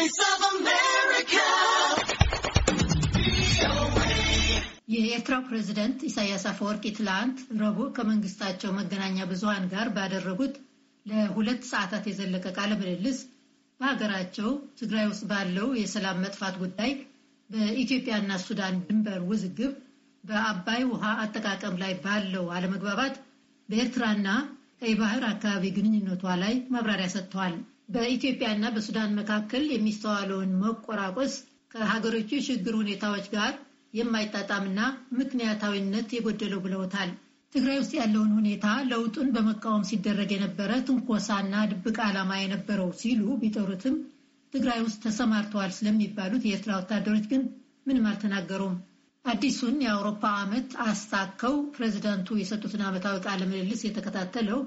Voice of America. የኤርትራው ፕሬዝደንት ኢሳያስ አፈወርቂ ትላንት ረቡዕ ከመንግስታቸው መገናኛ ብዙሃን ጋር ባደረጉት ለሁለት ሰዓታት የዘለቀ ቃለ ምልልስ በሀገራቸው ትግራይ ውስጥ ባለው የሰላም መጥፋት ጉዳይ፣ በኢትዮጵያና ሱዳን ድንበር ውዝግብ፣ በአባይ ውሃ አጠቃቀም ላይ ባለው አለመግባባት፣ በኤርትራና ቀይ ባህር አካባቢ ግንኙነቷ ላይ ማብራሪያ ሰጥተዋል። በኢትዮጵያና በሱዳን መካከል የሚስተዋለውን መቆራቆስ ከሀገሮቹ የሽግግር ሁኔታዎች ጋር የማይጣጣምና ምክንያታዊነት የጎደለው ብለውታል። ትግራይ ውስጥ ያለውን ሁኔታ ለውጡን በመቃወም ሲደረግ የነበረ ትንኮሳና ድብቅ ዓላማ የነበረው ሲሉ ቢጠሩትም ትግራይ ውስጥ ተሰማርተዋል ስለሚባሉት የኤርትራ ወታደሮች ግን ምንም አልተናገሩም። አዲሱን የአውሮፓ ዓመት አስታከው ፕሬዚዳንቱ የሰጡትን ዓመታዊ ቃለ ምልልስ የተከታተለው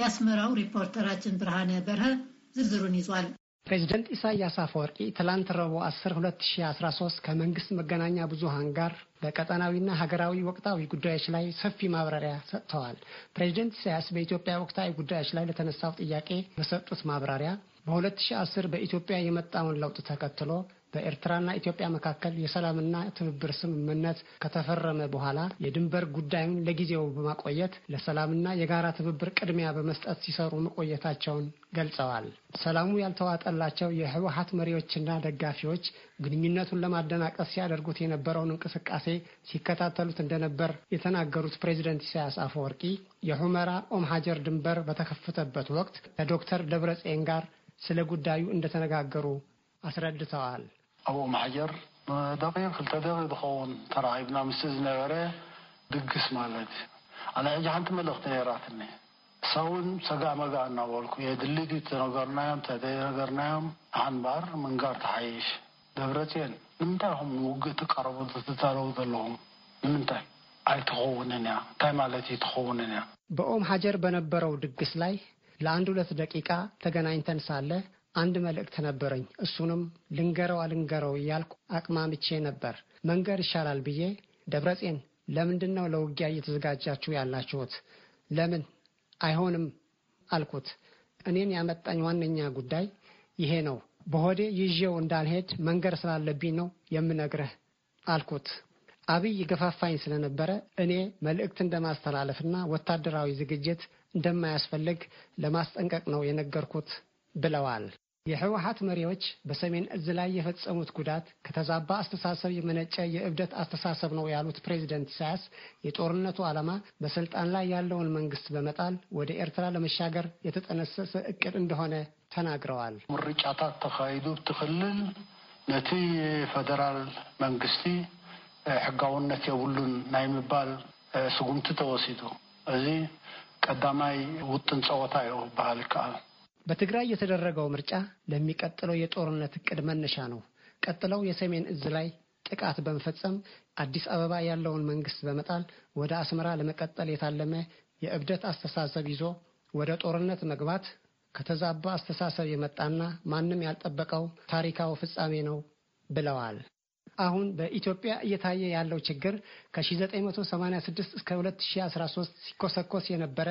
የአስመራው ሪፖርተራችን ብርሃነ በርሀ ዝርዝሩን ይዟል። ፕሬዚደንት ኢሳያስ አፈወርቂ ትላንት ረቡዕ 10 2013 ከመንግስት መገናኛ ብዙሃን ጋር በቀጠናዊና ሀገራዊ ወቅታዊ ጉዳዮች ላይ ሰፊ ማብራሪያ ሰጥተዋል። ፕሬዚደንት ኢሳያስ በኢትዮጵያ ወቅታዊ ጉዳዮች ላይ ለተነሳው ጥያቄ በሰጡት ማብራሪያ በ2010 በኢትዮጵያ የመጣውን ለውጥ ተከትሎ በኤርትራና ኢትዮጵያ መካከል የሰላምና ትብብር ስምምነት ከተፈረመ በኋላ የድንበር ጉዳዩን ለጊዜው በማቆየት ለሰላምና የጋራ ትብብር ቅድሚያ በመስጠት ሲሰሩ መቆየታቸውን ገልጸዋል። ሰላሙ ያልተዋጠላቸው የህወሀት መሪዎችና ደጋፊዎች ግንኙነቱን ለማደናቀስ ሲያደርጉት የነበረውን እንቅስቃሴ ሲከታተሉት እንደነበር የተናገሩት ፕሬዚደንት ኢሳያስ አፈወርቂ የሁመራ ኦም ሀጀር ድንበር በተከፈተበት ወቅት ከዶክተር ደብረጽዮን ጋር ስለ ጉዳዩ እንደተነጋገሩ አስረድተዋል። ኣብኡ ማሕጀር ደቂቕ ክልተ ደቂ ዝኸውን ተራኺብና ምስ ዝነበረ ድግስ ማለት እዩ ኣነ ሕጂ ሓንቲ መልእኽቲ ነራትኒ ሳውን ሰጋእ መጋእ እናበልኩ የ ድልድ ተነገርናዮም ተተነገርናዮም ኣሓንባር ምንጋር ተሓይሽ ደብረፅን ንምንታይ ኹም ንውግእ ትቀረቡ ዝትዛረቡ ዘለኹም ንምንታይ ኣይትኸውንን እያ እንታይ ማለት እዩ ትኸውንን እያ ብኦም ሓጀር በነበረው ድግስ ላይ ለአንድ ሁለት ደቂቃ ተገናኝተን ሳለ አንድ መልእክት ነበረኝ። እሱንም ልንገረው አልንገረው እያልኩ አቅማምቼ ነበር። መንገር ይሻላል ብዬ ደብረጼን ለምንድን ነው ለውጊያ እየተዘጋጃችሁ ያላችሁት? ለምን አይሆንም አልኩት። እኔን ያመጣኝ ዋነኛ ጉዳይ ይሄ ነው። በሆዴ ይዤው እንዳልሄድ መንገር ስላለብኝ ነው የምነግርህ አልኩት። አብይ ገፋፋኝ ስለነበረ እኔ መልእክት እንደማስተላለፍና ወታደራዊ ዝግጅት እንደማያስፈልግ ለማስጠንቀቅ ነው የነገርኩት ብለዋል። የህወሀት መሪዎች በሰሜን እዝ ላይ የፈጸሙት ጉዳት ከተዛባ አስተሳሰብ የመነጨ የእብደት አስተሳሰብ ነው ያሉት ፕሬዚደንት ኢሳያስ የጦርነቱ ዓላማ በስልጣን ላይ ያለውን መንግስት በመጣል ወደ ኤርትራ ለመሻገር የተጠነሰሰ እቅድ እንደሆነ ተናግረዋል። ምርጫታት ተካሂዱ ትክልል ነቲ ፌደራል መንግስቲ ሕጋውነት የብሉን ናይ ምባል ስጉምቲ ተወሲዱ እዚ ቀዳማይ ውጥን ፀወታ እዩ ይከኣል በትግራይ የተደረገው ምርጫ ለሚቀጥለው የጦርነት እቅድ መነሻ ነው። ቀጥለው የሰሜን እዝ ላይ ጥቃት በመፈጸም አዲስ አበባ ያለውን መንግስት በመጣል ወደ አስመራ ለመቀጠል የታለመ የእብደት አስተሳሰብ ይዞ ወደ ጦርነት መግባት ከተዛባ አስተሳሰብ የመጣና ማንም ያልጠበቀው ታሪካዊ ፍጻሜ ነው ብለዋል። አሁን በኢትዮጵያ እየታየ ያለው ችግር ከ1986 እስከ 2013 ሲኮሰኮስ የነበረ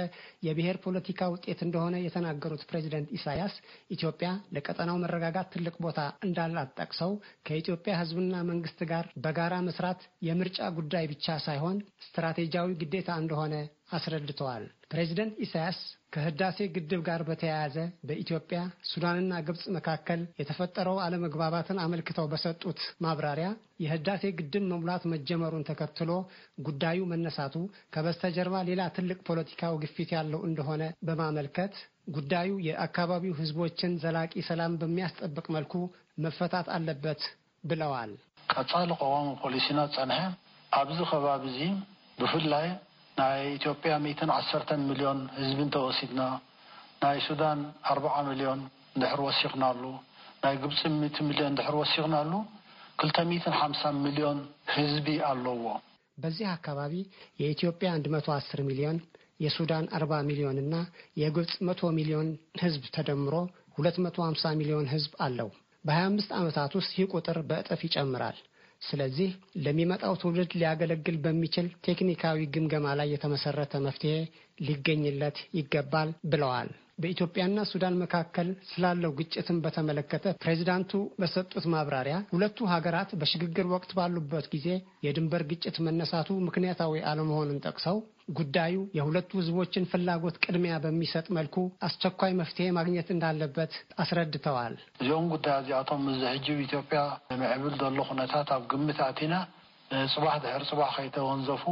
የብሔር ፖለቲካ ውጤት እንደሆነ የተናገሩት ፕሬዚደንት ኢሳያስ ኢትዮጵያ ለቀጠናው መረጋጋት ትልቅ ቦታ እንዳላት ጠቅሰው ከኢትዮጵያ ሕዝብና መንግስት ጋር በጋራ መስራት የምርጫ ጉዳይ ብቻ ሳይሆን ስትራቴጂያዊ ግዴታ እንደሆነ አስረድተዋል። ፕሬዚደንት ኢሳያስ ከህዳሴ ግድብ ጋር በተያያዘ በኢትዮጵያ ሱዳንና ግብፅ መካከል የተፈጠረው አለመግባባትን አመልክተው በሰጡት ማብራሪያ የህዳሴ ግድብ መሙላት መጀመሩን ተከትሎ ጉዳዩ መነሳቱ ከበስተጀርባ ሌላ ትልቅ ፖለቲካዊ ግፊት ያለው እንደሆነ በማመልከት ጉዳዩ የአካባቢው ህዝቦችን ዘላቂ ሰላም በሚያስጠብቅ መልኩ መፈታት አለበት ብለዋል። ቀጻል ቀዋሚ ፖሊሲና ጸንሐ ኣብዚ ከባቢ እዚ ብፍላይ ናይ ኢትዮጵያ ሚእትን ዓሰርተን ሚልዮን ህዝቢ እንተወሲድና ናይ ሱዳን ኣርባዓ ሚልዮን ድሕር ወሲኽናሉ ናይ ግብፂ ሚእቲ ሚልዮን ድሕር ወሲኽናሉ ክልተ ሚእትን ሓምሳን ሚልዮን ህዝቢ ኣለዎ። በዚህ አካባቢ የኢትዮጵያ 110 ሚሊዮን የሱዳን 40 ሚሊዮን እና የግብፅ 100 ሚሊዮን ህዝብ ተደምሮ 250 ሚሊዮን ህዝብ አለው። በ25 ዓመታት ውስጥ ይህ ቁጥር በእጥፍ ይጨምራል። ስለዚህ ለሚመጣው ትውልድ ሊያገለግል በሚችል ቴክኒካዊ ግምገማ ላይ የተመሰረተ መፍትሄ ሊገኝለት ይገባል ብለዋል። በኢትዮጵያና ሱዳን መካከል ስላለው ግጭትን በተመለከተ ፕሬዚዳንቱ በሰጡት ማብራሪያ ሁለቱ ሀገራት በሽግግር ወቅት ባሉበት ጊዜ የድንበር ግጭት መነሳቱ ምክንያታዊ አለመሆኑን ጠቅሰው ጉዳዩ የሁለቱ ሕዝቦችን ፍላጎት ቅድሚያ በሚሰጥ መልኩ አስቸኳይ መፍትሄ ማግኘት እንዳለበት አስረድተዋል። እዚኦም ጉዳይ እዚኣቶም እዚ ሕጂ ኢትዮጵያ ምዕብል ዘሎ ኩነታት ኣብ ግምት ኣቲና ፅባሕ ድሕር ፅባሕ ከይተወንዘፉ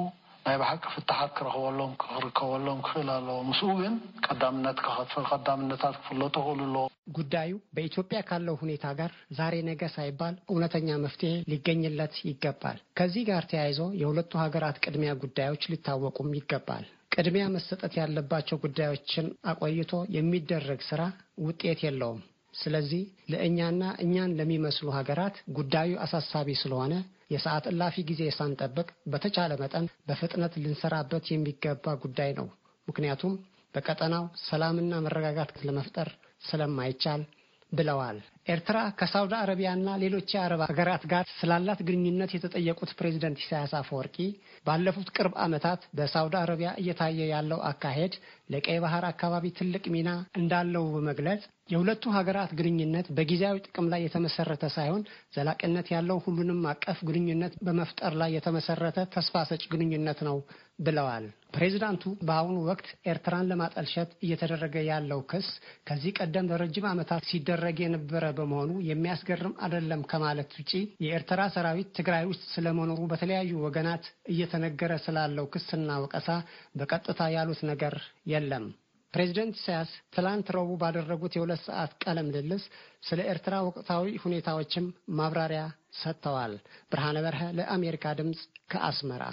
ናይ ብሓቂ ፍትሓት ክረክበሎም ክርከበሎም ክኽእል ኣለዎ ምስኡ ግን ቀዳምነት ክኸፍል ቀዳምነታት ክፍለጡ ክእሉ ኣለዎ ጉዳዩ በኢትዮጵያ ካለው ሁኔታ ጋር ዛሬ ነገ ሳይባል እውነተኛ መፍትሄ ሊገኝለት ይገባል። ከዚህ ጋር ተያይዞ የሁለቱ ሀገራት ቅድሚያ ጉዳዮች ሊታወቁም ይገባል። ቅድሚያ መሰጠት ያለባቸው ጉዳዮችን አቆይቶ የሚደረግ ስራ ውጤት የለውም። ስለዚህ ለእኛና እኛን ለሚመስሉ ሀገራት ጉዳዩ አሳሳቢ ስለሆነ የሰዓት እላፊ ጊዜ ሳንጠብቅ በተቻለ መጠን በፍጥነት ልንሰራበት የሚገባ ጉዳይ ነው። ምክንያቱም በቀጠናው ሰላምና መረጋጋት ለመፍጠር ስለማይቻል ብለዋል። ኤርትራ ከሳውዲ አረቢያና ሌሎች የአረብ ሀገራት ጋር ስላላት ግንኙነት የተጠየቁት ፕሬዚደንት ኢሳያስ አፈወርቂ ባለፉት ቅርብ ዓመታት በሳውዲ አረቢያ እየታየ ያለው አካሄድ ለቀይ ባህር አካባቢ ትልቅ ሚና እንዳለው በመግለጽ የሁለቱ ሀገራት ግንኙነት በጊዜያዊ ጥቅም ላይ የተመሰረተ ሳይሆን ዘላቂነት ያለው ሁሉንም አቀፍ ግንኙነት በመፍጠር ላይ የተመሰረተ ተስፋ ሰጭ ግንኙነት ነው ብለዋል። ፕሬዚዳንቱ በአሁኑ ወቅት ኤርትራን ለማጠልሸት እየተደረገ ያለው ክስ ከዚህ ቀደም ለረጅም ዓመታት ሲደረግ የነበረ በመሆኑ የሚያስገርም አይደለም ከማለት ውጪ የኤርትራ ሰራዊት ትግራይ ውስጥ ስለመኖሩ በተለያዩ ወገናት እየተነገረ ስላለው ክስና ወቀሳ በቀጥታ ያሉት ነገር የለም። ፕሬዚደንት ኢሳያስ ትላንት ረቡዕ ባደረጉት የሁለት ሰዓት ቃለ ምልልስ ስለ ኤርትራ ወቅታዊ ሁኔታዎችም ማብራሪያ ሰጥተዋል። ብርሃነ በርሀ ለአሜሪካ ድምፅ ከአስመራ